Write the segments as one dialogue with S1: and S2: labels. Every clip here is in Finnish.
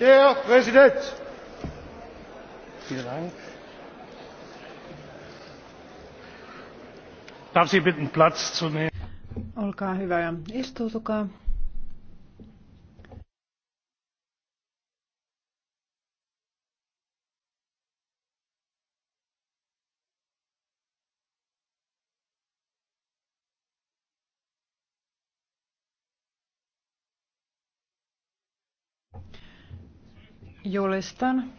S1: Der Präsident! Vielen Dank. Darf Sie bitten, Platz zu nehmen? Olkaa hyvä ja Julistan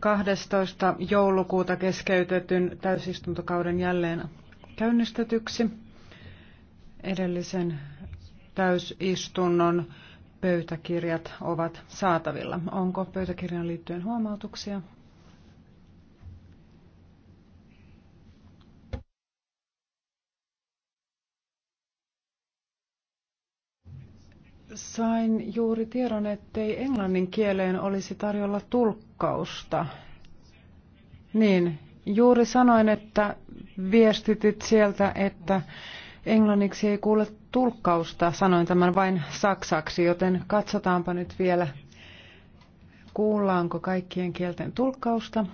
S1: 12. joulukuuta keskeytetyn täysistuntokauden jälleen käynnistetyksi. Edellisen täysistunnon pöytäkirjat ovat saatavilla. Onko pöytäkirjan liittyen huomautuksia? Sain juuri tiedon, ettei englannin kieleen olisi tarjolla tulkkausta. Niin, juuri sanoin, että viestitit sieltä, että englanniksi ei kuule tulkkausta. Sanoin tämän vain saksaksi, joten katsotaanpa nyt vielä, kuullaanko kaikkien kielten tulkkausta.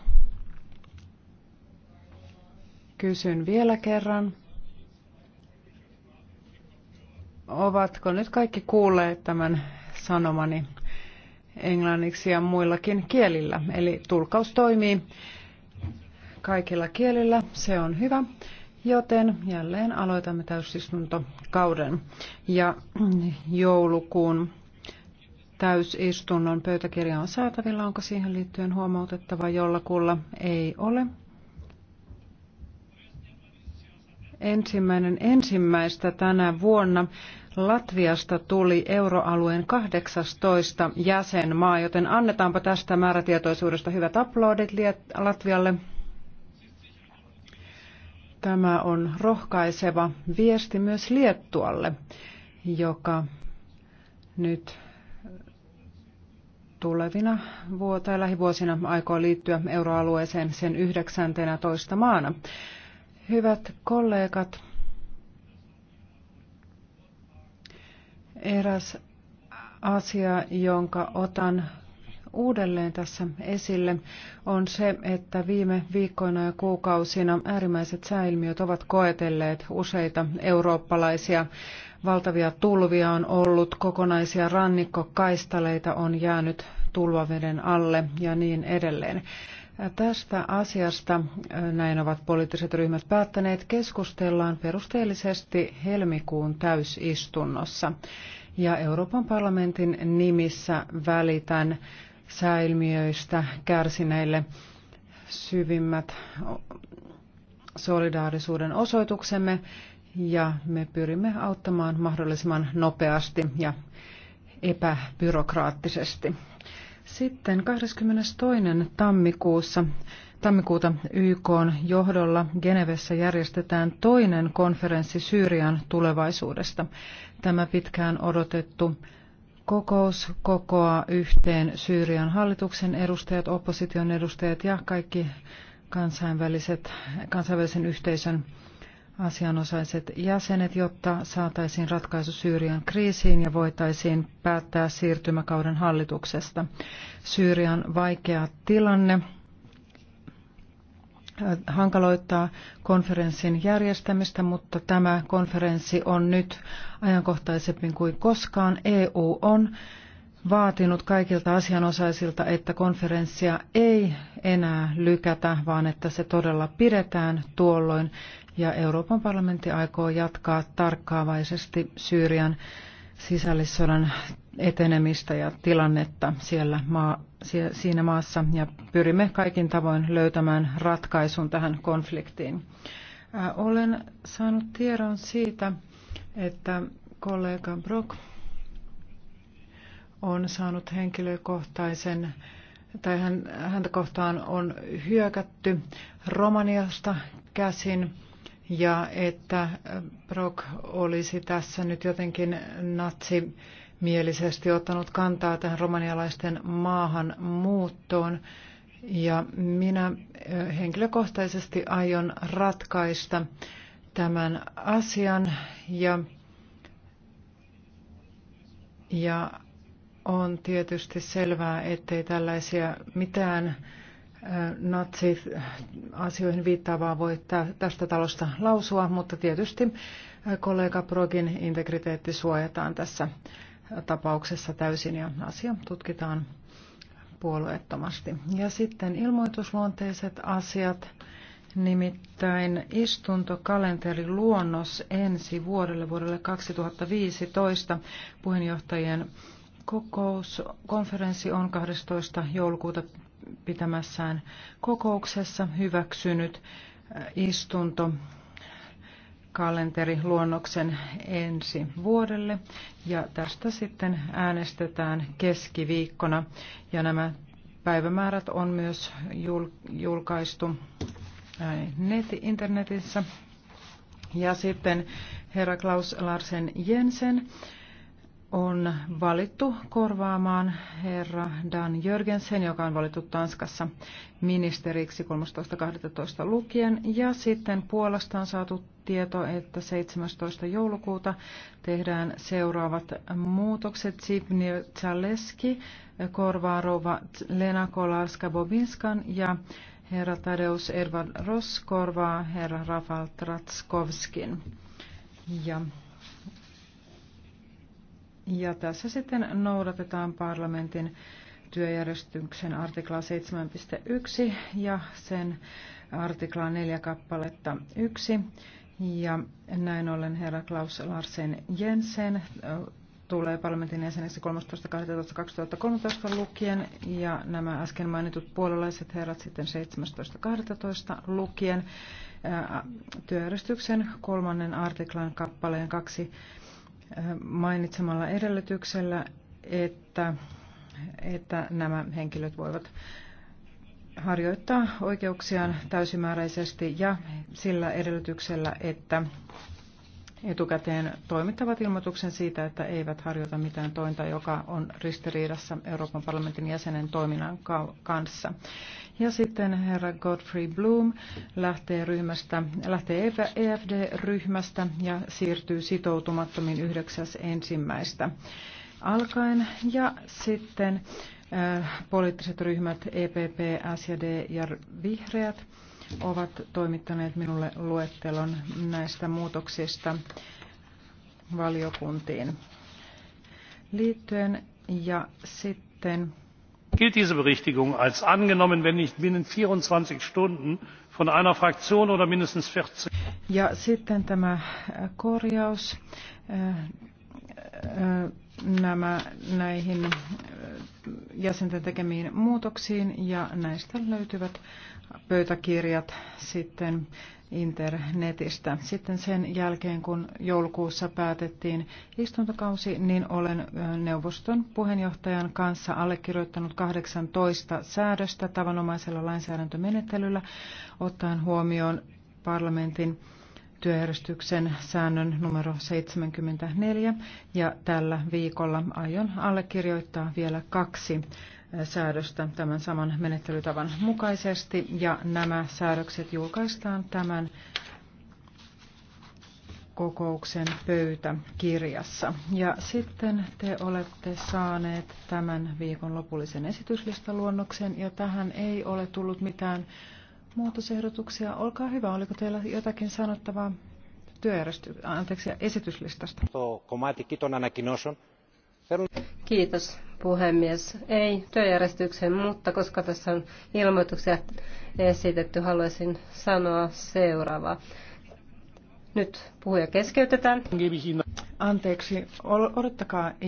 S1: Kysyn vielä kerran. Ovatko nyt kaikki kuulleet tämän sanomani englanniksi ja muillakin kielillä? Eli tulkaus toimii kaikilla kielillä, se on hyvä. Joten jälleen aloitamme täysistuntokauden ja joulukuun täysistunnon pöytäkirja on saatavilla. Onko siihen liittyen huomautettava jollakulla? Ei ole. Ensimmäinen ensimmäistä tänä vuonna Latviasta tuli euroalueen 18 jäsenmaa, joten annetaanpa tästä määrätietoisuudesta hyvät aplodit Latvialle. Tämä on rohkaiseva viesti myös Liettualle, joka nyt tulevina vuo- tai lähivuosina aikoo liittyä euroalueeseen sen 19 maana. Hyvät kollegat, eräs asia, jonka otan uudelleen tässä esille, on se, että viime viikkoina ja kuukausina äärimmäiset sääilmiöt ovat koetelleet useita eurooppalaisia. Valtavia tulvia on ollut, kokonaisia rannikkokaistaleita on jäänyt tulvaveden alle ja niin edelleen. Tästä asiasta näin ovat poliittiset ryhmät päättäneet keskustellaan perusteellisesti helmikuun täysistunnossa. Ja Euroopan parlamentin nimissä välitän säilmiöistä kärsineille syvimmät solidaarisuuden osoituksemme ja me pyrimme auttamaan mahdollisimman nopeasti ja epäbyrokraattisesti. Sitten 22. tammikuussa Tammikuuta YK johdolla Genevessä järjestetään toinen konferenssi Syyrian tulevaisuudesta. Tämä pitkään odotettu kokous kokoaa yhteen Syyrian hallituksen edustajat, opposition edustajat ja kaikki kansainväliset, kansainvälisen yhteisön asianosaiset jäsenet, jotta saataisiin ratkaisu Syyrian kriisiin ja voitaisiin päättää siirtymäkauden hallituksesta. Syyrian vaikea tilanne äh, hankaloittaa konferenssin järjestämistä, mutta tämä konferenssi on nyt ajankohtaisempi kuin koskaan. EU on vaatinut kaikilta asianosaisilta, että konferenssia ei enää lykätä, vaan että se todella pidetään tuolloin. Ja Euroopan parlamentti aikoo jatkaa tarkkaavaisesti Syyrian sisällissodan etenemistä ja tilannetta siellä maa, siinä maassa ja pyrimme kaikin tavoin löytämään ratkaisun tähän konfliktiin. Äh, olen saanut tiedon siitä, että kollega Brock on saanut henkilökohtaisen tai hän, häntä kohtaan on hyökätty Romaniasta käsin ja että Brock olisi tässä nyt jotenkin natsimielisesti ottanut kantaa tähän romanialaisten maahanmuuttoon. Ja minä henkilökohtaisesti aion ratkaista tämän asian ja, ja on tietysti selvää, ettei tällaisia mitään natsi-asioihin viittaavaa voi tästä talosta lausua, mutta tietysti kollega Progin integriteetti suojataan tässä tapauksessa täysin ja asia tutkitaan puolueettomasti. Ja sitten ilmoitusluonteiset asiat, nimittäin istuntokalenteriluonnos ensi vuodelle, vuodelle 2015, puheenjohtajien Kokouskonferenssi on 12. joulukuuta pitämässään kokouksessa hyväksynyt äh, istunto kalenteriluonnoksen ensi vuodelle ja tästä sitten äänestetään keskiviikkona ja nämä päivämäärät on myös julkaistu äh, net, internetissä ja sitten herra Klaus Larsen Jensen on valittu korvaamaan herra Dan Jörgensen, joka on valittu Tanskassa ministeriksi 13.12. lukien. Ja sitten Puolasta on saatu tieto, että 17. joulukuuta tehdään seuraavat muutokset. Sibnir Zaleski korvaa rouva Lena Kolarska-Bobinskan ja herra Tadeus Edvard Ross korvaa herra Rafal Tratskovskin. Ja ja tässä sitten noudatetaan parlamentin työjärjestyksen artikla 7.1 ja sen artikla 4 kappaletta 1. Ja näin ollen herra Klaus Larsen Jensen äh, tulee parlamentin jäseneksi 13.12.2013 lukien ja nämä äsken mainitut puolalaiset herrat sitten 17.12. lukien äh, työjärjestyksen kolmannen artiklan kappaleen kaksi mainitsemalla edellytyksellä, että, että nämä henkilöt voivat harjoittaa oikeuksiaan täysimääräisesti ja sillä edellytyksellä, että etukäteen toimittavat ilmoituksen siitä, että eivät harjoita mitään tointa, joka on ristiriidassa Euroopan parlamentin jäsenen toiminnan kanssa. Ja sitten herra Godfrey Bloom lähtee, ryhmästä, lähtee EFD-ryhmästä e ja siirtyy sitoutumattomin yhdeksäs ensimmäistä alkaen. Ja sitten äh, poliittiset ryhmät EPP, SD ja Vihreät ovat toimittaneet minulle luettelon näistä muutoksista valiokuntiin liittyen ja sitten gilt diese berichtigung als angenommen wenn nicht binnen 24 stunden von einer fraktion oder mindestens vierzehn ja sitten tämä äh, korjaus äh, äh, nämä näihin jäsenten tekemiin muutoksiin ja näistä löytyvät pöytäkirjat sitten internetistä. Sitten sen jälkeen, kun joulukuussa päätettiin istuntokausi, niin olen neuvoston puheenjohtajan kanssa allekirjoittanut 18 säädöstä tavanomaisella lainsäädäntömenettelyllä ottaen huomioon parlamentin työjärjestyksen säännön numero 74 ja tällä viikolla aion allekirjoittaa vielä kaksi säädöstä tämän saman menettelytavan mukaisesti ja nämä säädökset julkaistaan tämän kokouksen pöytäkirjassa. Ja sitten te olette saaneet tämän viikon lopullisen esityslistaluonnoksen ja tähän ei ole tullut mitään muutosehdotuksia. Olkaa hyvä, oliko teillä jotakin sanottavaa työjärjesty- anteeksi, esityslistasta? Kiitos puhemies. Ei työjärjestykseen, mutta koska tässä on ilmoituksia esitetty, haluaisin sanoa seuraavaa. Nyt puhuja keskeytetään. Anteeksi, odottakaa